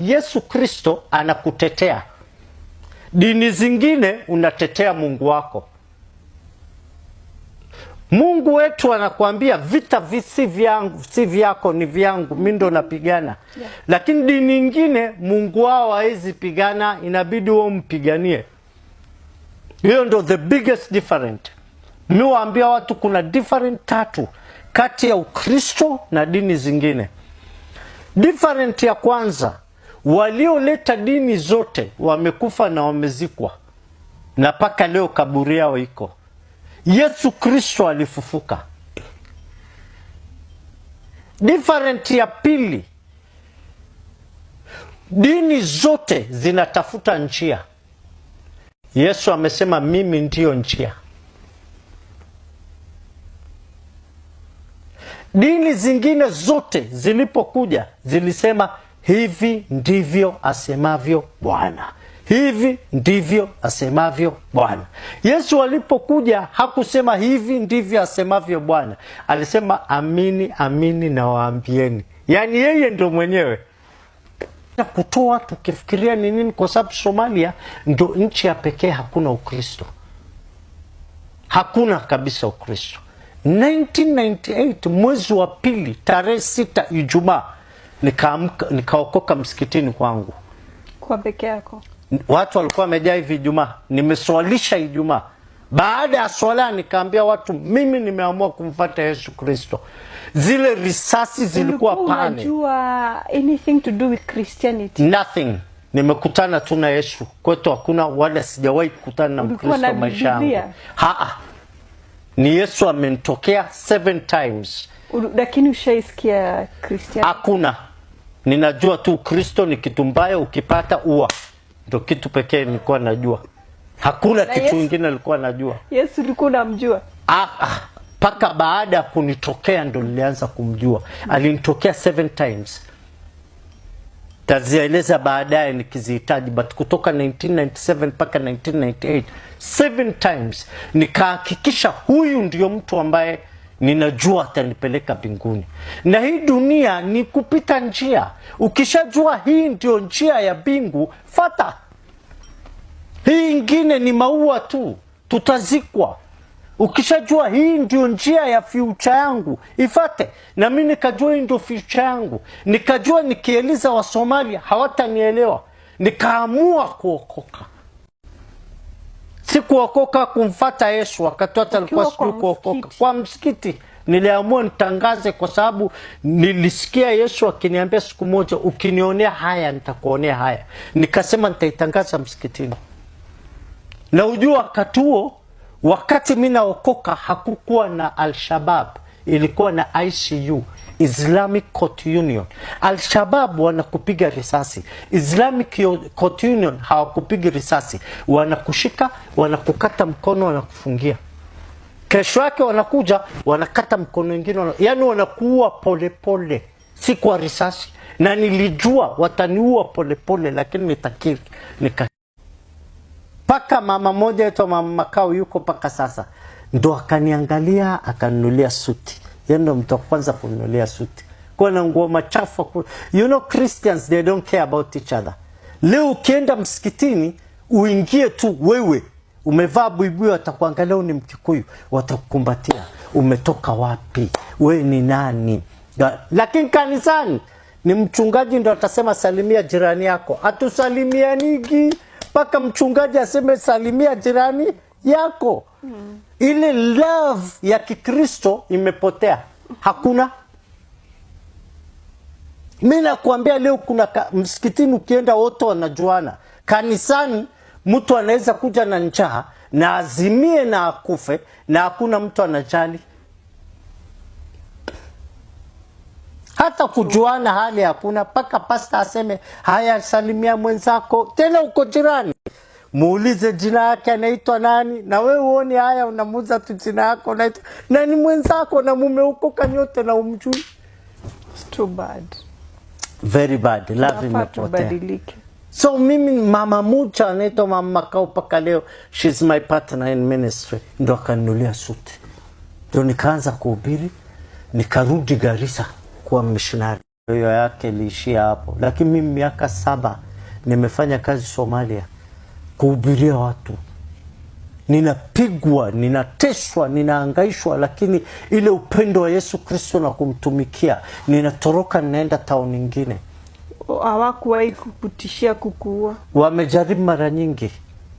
Yesu Kristo anakutetea. Dini zingine unatetea Mungu wako. Mungu wetu anakuambia vita visi vyangu, si vyako, ni vyangu, mimi ndo napigana yeah. Lakini dini nyingine Mungu wao hawezi pigana, inabidi wao mpiganie. Hiyo ndo the biggest different. Mimi waambia watu kuna different tatu kati ya Ukristo na dini zingine. Different ya kwanza walioleta dini zote wamekufa na wamezikwa, na mpaka leo kaburi yao iko. Yesu Kristo alifufuka. Different ya pili, dini zote zinatafuta njia. Yesu amesema mimi ndiyo njia. Dini zingine zote zilipokuja zilisema Hivi ndivyo asemavyo Bwana, hivi ndivyo asemavyo Bwana. Yesu alipokuja hakusema hivi ndivyo asemavyo Bwana, alisema amini, amini nawaambieni. Yaani yeye ndo mwenyewe kutoa tukifikiria ni nini, kwa sababu Somalia ndo nchi ya pekee hakuna Ukristo, hakuna kabisa Ukristo. 1998 mwezi wa pili tarehe sita Ijumaa nikaamka nikaokoka msikitini kwangu kwa peke yako. Watu walikuwa wamejaa hivi Ijumaa, nimeswalisha Ijumaa. Baada ya swala nikaambia watu, mimi nimeamua kumfuata Yesu Kristo. Zile risasi zilikuwa pale. anything to do with Christianity? Nothing. Nimekutana tu na Yesu kwetu, hakuna wala sijawahi kukutana na Mkristo maisha yangu. Haa, ni Yesu amenitokea seven times, lakini ushaisikia Hakuna. Ninajua tu Kristo ni kitu mbaya, ukipata ua. Ndio kitu pekee nilikuwa najua, hakuna na kitu kingine nilikuwa najua. Yesu ulikuwa unamjua? Ah, ah, paka baada ya kunitokea ndo nilianza kumjua. Alinitokea seven times, tazieleza baadaye nikizihitaji, but kutoka 1997 mpaka 1998 seven times, nikahakikisha huyu ndio mtu ambaye ninajua atanipeleka mbinguni, na hii dunia ni kupita njia. Ukishajua hii ndio njia ya mbingu, fata. Hii ingine ni maua tu, tutazikwa. Ukishajua hii ndio njia ya fiucha yangu, ifate. Na mi nikajua hii ndio future yangu, nikajua nikieleza Wasomalia hawatanielewa, nikaamua kuokoka sikuokoka kumfata Yesu wakati hata alikuwa sijui kuokoka kwa msikiti niliamua nitangaze kwa sababu nilisikia Yesu akiniambia siku moja, ukinionea haya nitakuonea haya. Nikasema nitaitangaza msikitini. Na ujua wakati huo, wakati mi naokoka hakukuwa na Alshabab, ilikuwa na ICU. Islamic Court Union. Al-Shabab wanakupiga risasi, Islamic Court Union hawakupigi risasi, wanakushika, wanakukata mkono, wanakufungia. Kesho yake wanakuja wanakata mkono wengine, yani wanakuua polepole, si kwa risasi. Na nilijua wataniua polepole, lakini nitakiri nika mpaka mama moja aitwa mama Makao, yuko mpaka sasa, ndo akaniangalia akaninulia suti yeye ndo mtu wa kwanza kununulia suti, kuwa na nguo machafu. You know Christians they don't care about each other. Leo ukienda msikitini uingie tu wewe umevaa buibui, watakuangalia ni Mkikuyu, watakukumbatia umetoka wapi, we ni nani? Lakini kanisani ni mchungaji ndo atasema salimia jirani yako. Hatusalimianigi mpaka mchungaji aseme salimia jirani yako mm ile love ya Kikristo imepotea, hakuna. Mi nakuambia leo, kuna msikitini ukienda, wote wanajuana. Kanisani mtu anaweza kuja na njaa na azimie na akufe, na hakuna mtu anajali hata kujuana hali hakuna, mpaka pasta aseme haya, salimia mwenzako, tena uko jirani muulize jina yake anaitwa nani, na we uone haya, unamuza tu jina yako naitwa na ni mwenzako na mume huko kanyote na umjui. It's too bad. Very bad. Love imepotea. So mimi mama Mucha anaitwa mama makao paka leo, she's my partner in ministry, ndo akaninulia suti, ndo nikaanza kuhubiri, nikarudi Garissa kuwa missionary. Hiyo yake iliishia hapo, lakini mimi miaka saba nimefanya kazi Somalia kuhubiria watu, ninapigwa, ninateswa, ninaangaishwa, lakini ile upendo wa Yesu Kristo na kumtumikia, ninatoroka, ninaenda tao ningine Hawakuwahi kukutishia kukuua? Wamejaribu mara nyingi.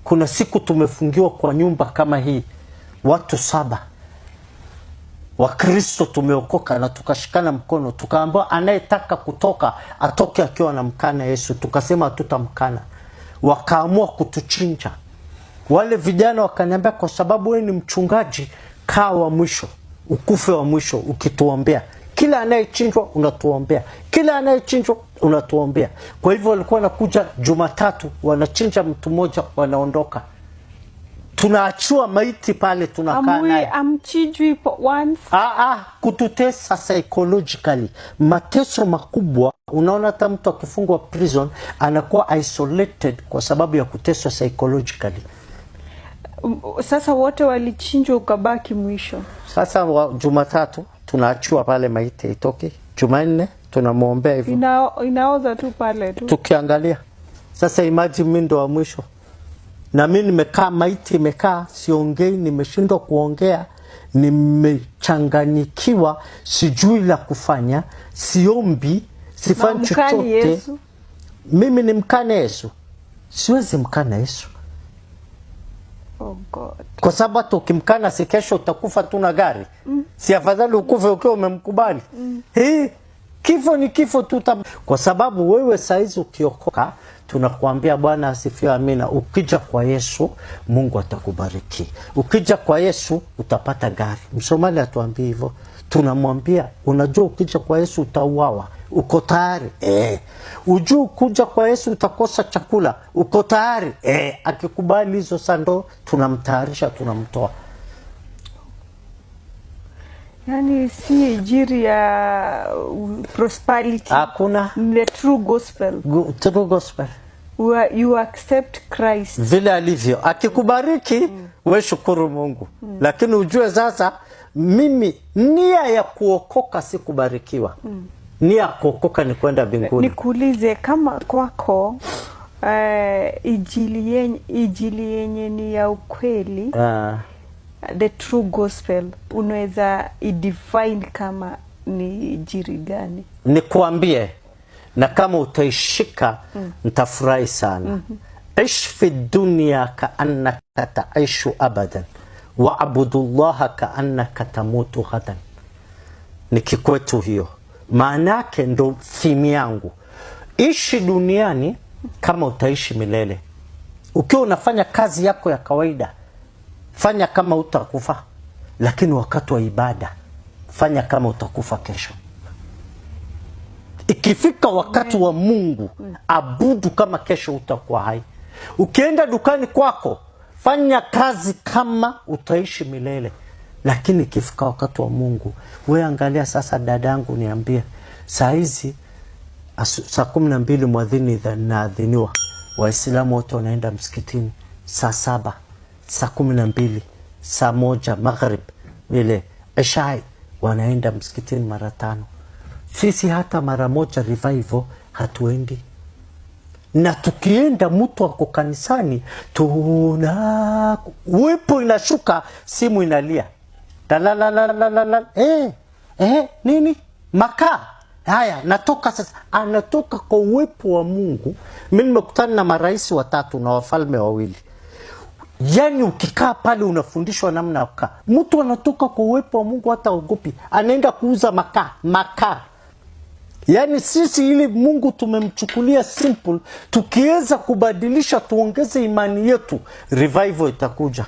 Kuna siku tumefungiwa kwa nyumba kama hii, watu saba Wakristo tumeokoka na tukashikana mkono, tukaambiwa anayetaka kutoka atoke akiwa na mkana Yesu. Tukasema hatutamkana wakaamua kutuchinja. Wale vijana wakaniambia, kwa sababu wewe ni mchungaji, kaa wa mwisho, ukufe wa mwisho ukituombea kila anayechinjwa unatuombea, kila anayechinjwa unatuombea. Kwa hivyo walikuwa wanakuja Jumatatu, wanachinja mtu mmoja, wanaondoka tunaachua maiti pale tunakaa naye, amchijwi once. Ah, ah, kututesa psychologically, mateso makubwa. Unaona hata mtu akifungwa prison anakuwa isolated kwa sababu ya kuteswa psychologically. Sasa wote walichinjwa, ukabaki mwisho. Sasa wa, Jumatatu tunaachua pale maiti itoke, Jumanne tunamwombea hivyo, inaoza tu pale tu tukiangalia. Sasa imagine mimi ndo wa mwisho na mi nimekaa maiti, imekaa siongei, nimeshindwa kuongea, nimechanganyikiwa, sijui la kufanya, siombi, sifanyi chochote. Mimi ni mkane Yesu, siwezi mkana Yesu. Oh Kwa sababu hata ukimkana si kesho utakufa tu na gari mm. Si afadhali ukufe ukiwa umemkubali mm. Kifo ni kifo tu, kwa sababu wewe saizi ukiokoka, tunakuambia Bwana asifiwe, amina. Ukija kwa Yesu Mungu atakubariki, ukija kwa Yesu utapata gari. Msomali atuambie hivyo, tunamwambia unajua, ukija kwa Yesu utauawa, uko tayari eh? Ujuu ukuja kwa Yesu utakosa chakula, uko tayari eh? Akikubali hizo sando, tunamtayarisha tunamtoa Yani si injili ya uh, prosperity. Hakuna. The true gospel. Go, true gospel. Where you accept Christ. Vile alivyo. Akikubariki mm. we shukuru Mungu. Mm. Lakini ujue sasa mimi nia ya kuokoka si kubarikiwa. Mm. Nia ya kuokoka ni kwenda mbinguni. Nikuulize kama kwako uh, injili yenye ni ya ukweli. Uh the true gospel unaweza idefine kama ni jiri gani? Nikuambie, na kama utaishika mm. Ntafurahi sana mm -hmm. Ish fi dunya kaannaka taishu abadan waabudu llaha kaannaka tamutu ghadan. Ni kikwetu hiyo, maana yake ndo thimu yangu. Ishi duniani kama utaishi milele, ukiwa unafanya kazi yako ya kawaida Fanya kama utakufa, lakini wakati wa ibada fanya kama utakufa kesho. Ikifika wakati wa Mungu, abudu kama kesho utakuwa hai. Ukienda dukani kwako, fanya kazi kama utaishi milele, lakini ikifika wakati wa Mungu, we angalia sasa. Dadangu, niambie saa hizi saa kumi na mbili mwadhini naadhiniwa, Waislamu wote wanaenda msikitini saa saba saa kumi na mbili saa moja maghrib vile ishai wanaenda msikitini mara tano. Sisi hata mara moja revival hatuendi, na tukienda mtu ako kanisani tuna wepo inashuka, simu inalia dalalalala. Eh, eh, nini makaa haya natoka sasa, anatoka kwa uwepo wa Mungu. Mi nimekutana na marahisi watatu na wafalme wawili Yani ukikaa pale unafundishwa namna ya kukaa. Mtu anatoka kwa uwepo wa Mungu hata ogopi, anaenda kuuza makaa makaa. Yani sisi ili Mungu tumemchukulia simple, tukiweza kubadilisha, tuongeze imani yetu, revival itakuja.